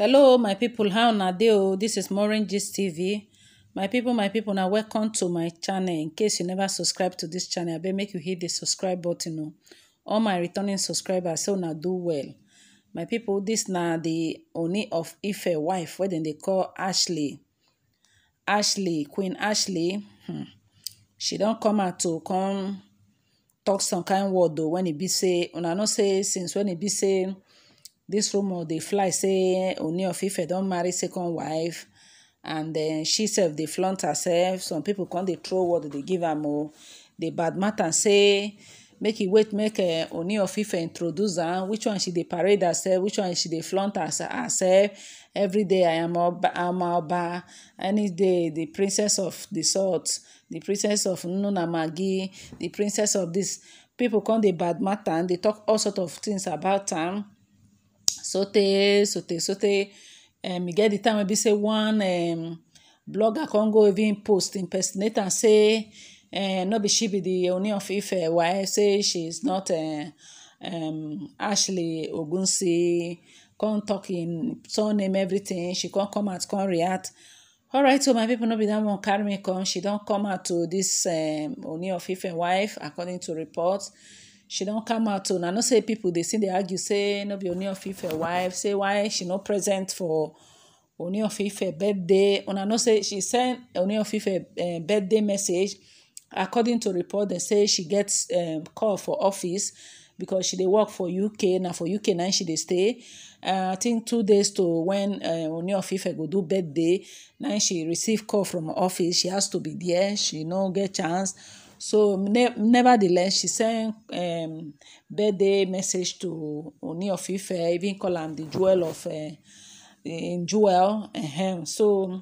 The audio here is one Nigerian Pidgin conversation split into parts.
hello my people how una dey o oh? this is maureen gist tv my people my people na welcome to my channel in case you never subscribe to this channel abeg make you hit the subscribe button o oh. all my returning subscribers say una do well my people this na the Ooni of Ife wife wey dem dey call Ashley Ashley Queen Ashley hmm. she don come out to come talk some kind word o oh, when e be say una know say since when e be say This rumor they fly say Ooni of Ife don marry second wife and then she sef they flaunt herself. Some people come they throw what they give her more. Dey badmouth am oh, say make e wait make uh, Ooni of Ife introduce her, Which one she dey parade herself? Which one she dey flaunt herself? Every day I am Oba, I'm am Oba. Any day the princess of the salt, the princess of Nunamagi, the princess of this. People come dey badmouth am, dey talk all sort of things about am sote sote sote um, e get di time wey be say one um, blogger con go even post impersonate am say uh, eh, no be she be di Ooni of Ife wife say she is not uh, um, Ashley Ogunsi con talk im surname everything she con come out con react alright so my people no be that one carry me come she don come out to dis um, Ooni of Ife wife according to report. she don't come out On I know say people they see they argue say no be only of her wife say why she not present for only of her birthday I know say she send only of ife eh, birthday message according to report they say she um call for office because she they work for uk Now for uk now she they stay eh, i think two days to uh only of ife go do birthday Now she receive call from office she has to be there she no get chance So ne- nevertheless, she send um, birthday message to Oni of Ife, even call am the jewel of uh, in jewel. Uh-huh. So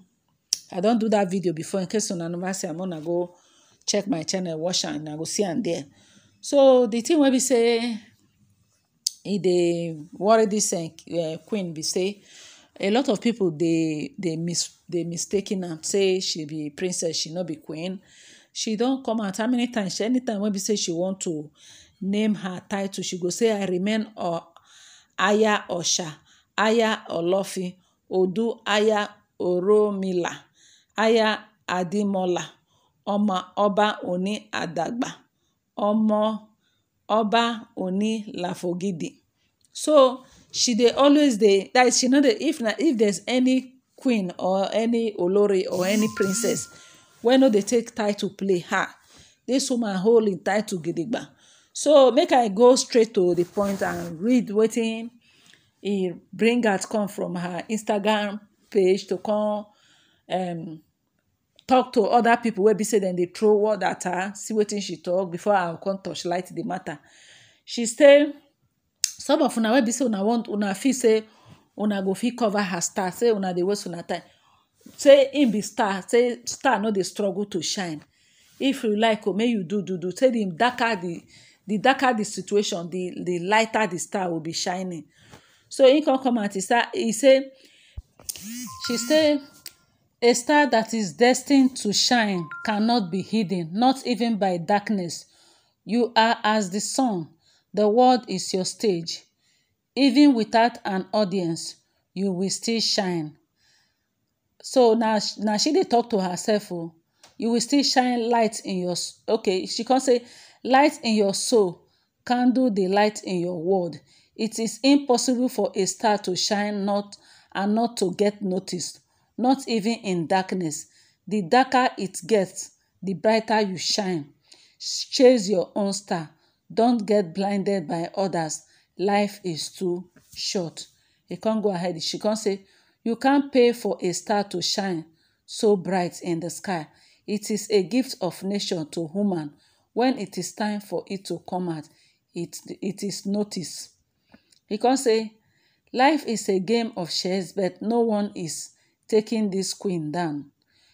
I don do that video before in case una never see am una go check my channel watch am una go see am there. So the thing wey be say e dey worry dis uh, queen be say a lot of people dey dey mis dey mistaken am say she be princess she no be queen she don come out how many times anytime wey be say she want to name her title she go say i remain aya osha aya olofi odu aya oromila aya adimola ọmọ ọba òní àdàgbà ọmọ ọba òní lafogidi. so she dey always dey that is she no dey if na if there's any queen or any olori or any princess wey no dey take title play ha This woman hold im title gidigba so make i go straight to the point and read wetin he bring out come from her instagram page to come um, talk to other people. wey be say dem dey throw word at her see wetin she talk before i come touch light di matter she say some of una wey be say una want una feel say una go fit cover her star say una dey waste una time say him be star say star no dey struggle to shine if you like o oh, may you do do do say the darker the the darker the situation the the lighter the star will be shining so he come come out he start he say she say a star that is destined to shine cannot be hidden not even by darkness you are as the sun the world is your stage even without an audience you will still shine so now, now she did talk to herself Oh, you will still shine light in your okay she can say light in your soul can do the light in your world it is impossible for a star to shine not and not to get noticed not even in darkness the darker it gets the brighter you shine chase your own star don't get blinded by others life is too short he come go ahead she come say You can't pay for a star to shine so bright in the sky. It is a gift of nature to human. When it is time for it to come out, it, it is noticed. He can say, Life is a game of chess, but no one is taking this queen down.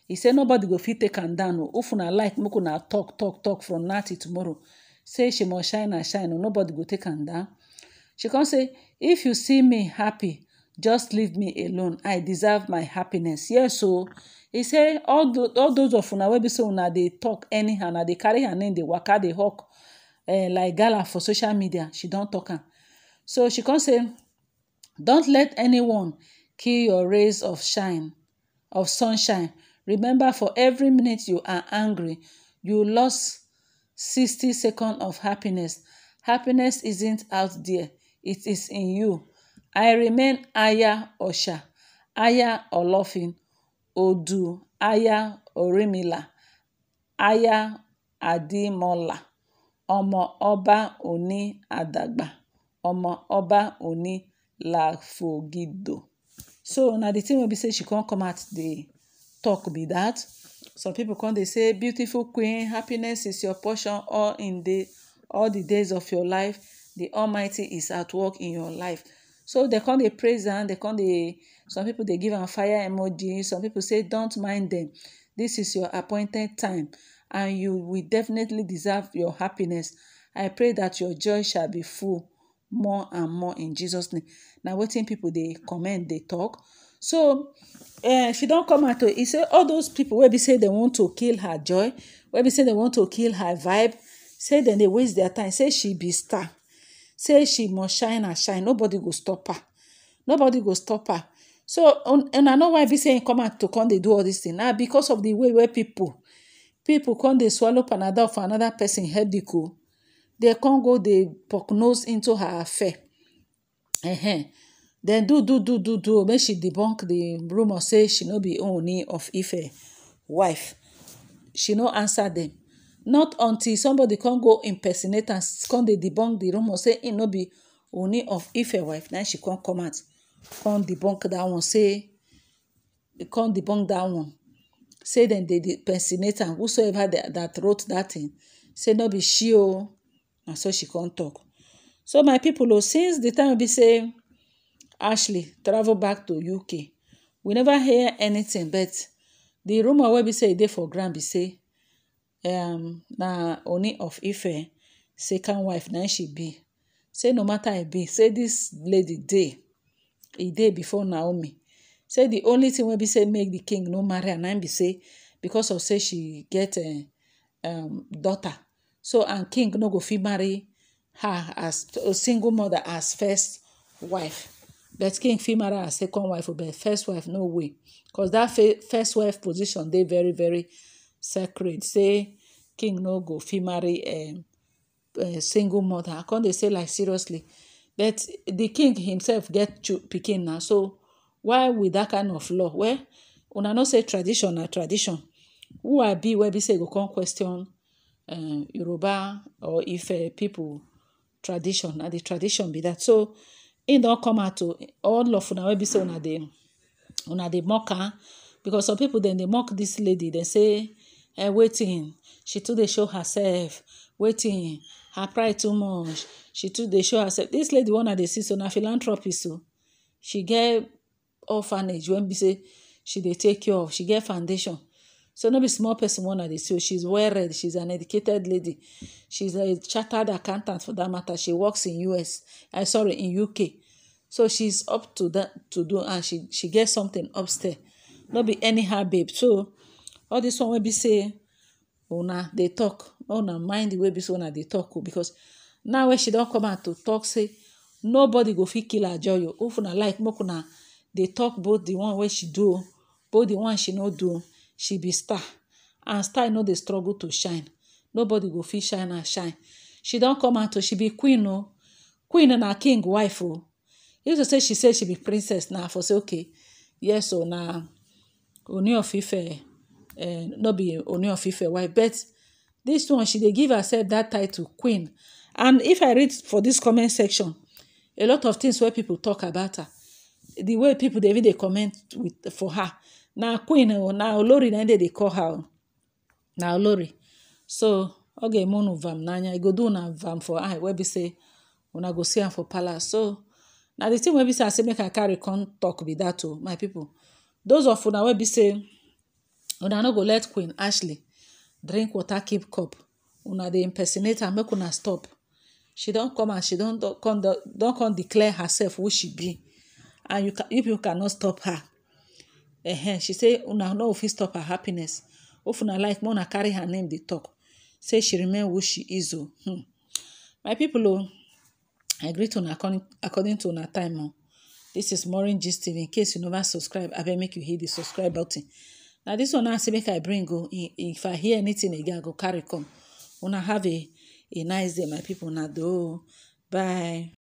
He said nobody go fit take and down o. If una like make una talk talk talk from now till tomorrow. Say she must shine and shine o. Nobody go take and down. She come say, if you see me happy, just leave me alone i deserve my happiness yes so he say all all those of una wey be say una dey talk anyhow na dey carry her name dey waka dey hawk eh, like gala for social media she don talk am so she come say don't let anyone kill your rays of shine of sunshine remember for every minute you are angry you lost sixty seconds of happiness happiness isn't out there it is in you i remain aya Osha, aya olófin Odu aya ọ̀rúnmìlà aya àdìmọ́là Omo Oba òní Adagba, Omo Oba òní lafogido so now the thing wey be say she can't come at the talk be that some people come they say beautiful queen happiness is your portion all in the all the days of your life the almighty is at work in your life So they come, they praise they come, they, some people, they give a fire emoji. Some people say, don't mind them. This is your appointed time and you will definitely deserve your happiness. I pray that your joy shall be full more and more in Jesus' name. Now, waiting people, they comment, they talk. So, uh, she don't come out. He said, all those people, where be say they want to kill her joy, where be say they want to kill her vibe, say then they waste their time. Say she be star say she must shine and shine nobody go stop her nobody go stop her so and i know why be saying come out to come They do all this thing now because of the way wey people people come they swallow another for another person headache they can come go They poke nose into her affair uh-huh. Then do do do do do make she debunk the rumour say she no be only of ife wife she no answer them. not until somebody come go impersonate am come dey debunk di rumour say im no be oni of ife wife na she come come out come debunk that one say come debunk that one say dem dey impersonate am whosoever that wrote that thing say no be she o na so she come talk so my people o since the time be say ashley travel back to uk we never hear anything but the rumour wey be say e dey for ground be say um, na Oni of Ife second wife na she be say no matter I be say this lady day, a day before naomi say the only thing wey be say make the king no marry and na be say because of say she get eh, um, daughter so and king no go fit marry her as single mother as first wife but king fit marry her as second wife but first wife no way because that first wife position they very very sacred say king no go fit marry um, um, single mother i come dey say like seriously but the king himself get pikin na so why with that kind of law well una know say tradition na tradition who i be wey be say go come question um, yoruba or ife uh, people tradition na the tradition be that. so e don come out to all of una wey be say una dey mock am because some people dem dey mock this lady dem say and eh, wetin she too dey show herself wetin her pride too much she too dey show herself dis lady one i dey see so na philanthropist o oh. she get orphanage wey be say she dey take care of she get foundation so no be small person one i dey see o oh. she's well-read she's an educated lady she's a chartered accountant for that matter she works in us i eh, sorry in uk so she's up to that to do and she she get something upstairs no be anyhow babe so. all this one wey be say una oh, dey talk una oh, mind the way be say una dey talk o oh, because now wey she don come out to talk say nobody go fit kill her joy o if una like make una dey talk both the one wey she do o both the one she no do o she be star and star no dey struggle to shine nobody go fit shine her shine she don come out o she be queen o queen na king wife o if to say she say she be princess na for say okay yes o na Ooni of Ife Eh, no be Ooni of Ife wife but this one she dey give herself that title queen and if I read for this comment section a lot of things wey people talk about her the way people dey even dey comment with for her na queen o na olori na dem dey call her na olori so ọ ga vam n'anya e go do una vam for eye wey be say una go see am for palace so na the thing wey be say i say make i carry come talk be that o my people those of una wey be say una no go let queen ashley drink water keep cup una dey impersonate am make una stop she don come and she don don come declare herself who she be and you if you cannot stop her -huh. she say una no fit stop her happiness if una like una carry her name dey talk say she remain who she is o oh. hmm my people o oh, i agree to una according according to una time o oh. this is maureen gist tv in case you never subscribe abeg make you hit the subscribe button na dis one nahi say make i bring go oh, if i hear anytin again i go carry come una have a a nice day my people na bye